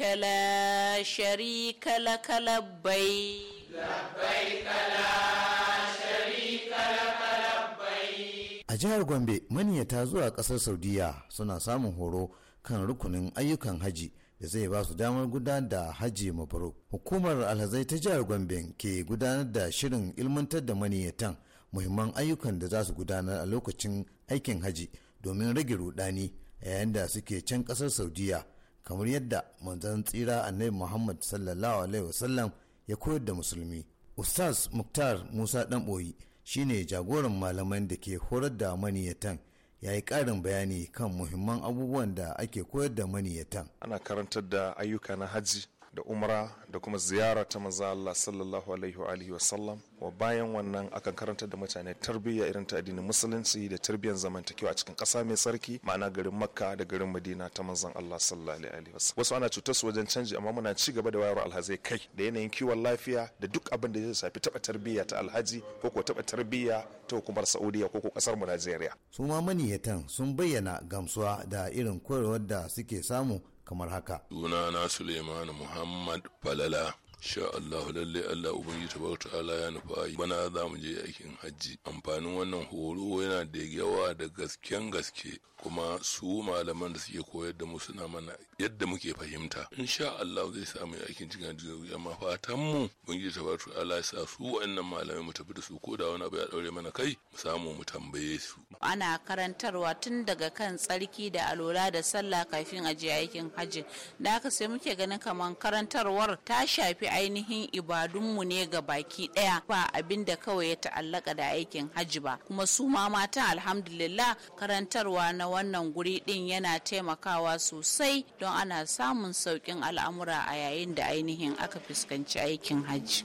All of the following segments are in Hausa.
لبيك لا شريك لك لبي لبيك لا شريك لك a jihar gombe maniyata zuwa kasar saudiya suna samun horo kan rukunin ayyukan haji da zai ba su damar gudanar da haji mabruk hukumar alhazai ta jihar gombe ke gudanar da shirin ilmantar da maniyatan muhimman ayyukan da za su gudanar a lokacin aikin haji domin rage rudani yayin da suke can kasar saudiya kamar yadda manzan tsira annabi muhammad sallallahu alaihi wasallam ya koyar da musulmi ustaz muktar musa ɗanɓoyi shine jagoran malaman da ke horar da maniyatan ya yi ƙarin bayani kan muhimman abubuwan da ake koyar da maniyatan ana karantar da ayyuka na hajji da umra da kuma ziyara ta maza Allah sallallahu alaihi wa alihi wasallam wa bayan wannan akan karanta da mutane tarbiyya irin ta addinin musulunci da tarbiyyar zamantakewa a cikin ƙasa mai sarki ma'ana garin Makka da garin Madina ta manzon Allah sallallahu alaihi wasallam wasu ana cutar su wajen canji amma muna ci gaba da wayar alhazai kai da yanayin kiwon lafiya da duk abin da zai shafi taba tarbiyya ta alhaji ko ko taba tarbiyya ta hukumar Saudiya ko ko kasar mu Najeriya su ma maniyatan sun bayyana gamsuwa da irin koyarwar da suke samu kamar haka. Sunana Suleiman Muhammad Falala sha Allah lalle Allah ubangiji tabaraka ta'ala ya nufa yi bana za mu je aikin hajji amfanin wannan horo yana da yawa da gasken gaske kuma su malaman da suke koyar da mu suna mana yadda muke fahimta insha Allah zai samu aikin cikin hajji amma fatan mu ubangiji tabaraka ta'ala ya sa su wa'annan malamai mu tafi da su ko da wani abu ya daure mana kai mu samu mu tambaye su ana karantarwa tun daga kan tsarki da alola da sallah kafin a aikin hajji da haka sai muke ganin kamar karantarwar ta shafi ainihin ibadunmu ne ga baki ɗaya ba abin da kawai ya ta'allaka da aikin hajji ba kuma su ma matan alhamdulillah karantarwa na wannan guri ɗin yana taimakawa sosai don ana samun sauƙin al'amura a yayin da ainihin aka fuskanci aikin hajji.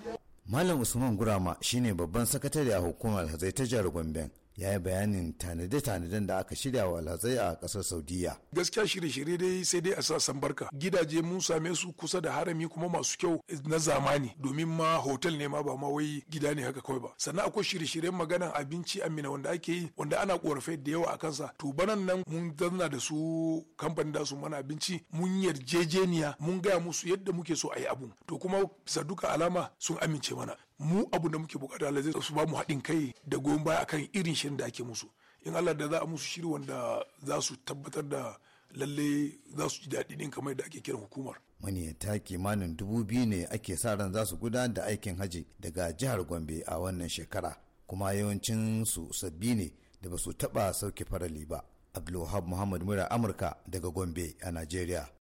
Malam Usman Gurama shine babban sakatare a hukumar Hazai ta jihar Gombe. ya yi bayanin tanade-tanaden da aka shirya wa alhazai a kasar saudiya gaskiya shirye-shirye dai sai dai a sa sambarka gidaje mun same su kusa da harami kuma masu kyau na zamani domin ma hotel ne ma ba ma wai gida ne haka kawai ba sannan akwai shirye-shiryen maganan abinci amina wanda ake yi wanda ana korafai da yawa a kansa to banan nan mun zanna da su kamfanin da su mana abinci mun yarjejeniya mun gaya musu yadda muke so a yi abu to kuma bisa duka alama sun amince mana mu abu da muke bukata Allah zai su ba mu haɗin kai da goyon baya akan irin shirin da ake musu in Allah da za a musu shiri wanda za su tabbatar da lalle za su ji daɗi ɗin kamar da ake kiran hukumar. ta kimanin dubu biyu ne ake sa ran za su gudanar da aikin hajji daga jihar Gombe a wannan shekara kuma yawancin su sabbi ne da ba su taɓa sauke farali ba. Abdulwahab Muhammad Mura Amurka daga Gombe a Najeriya.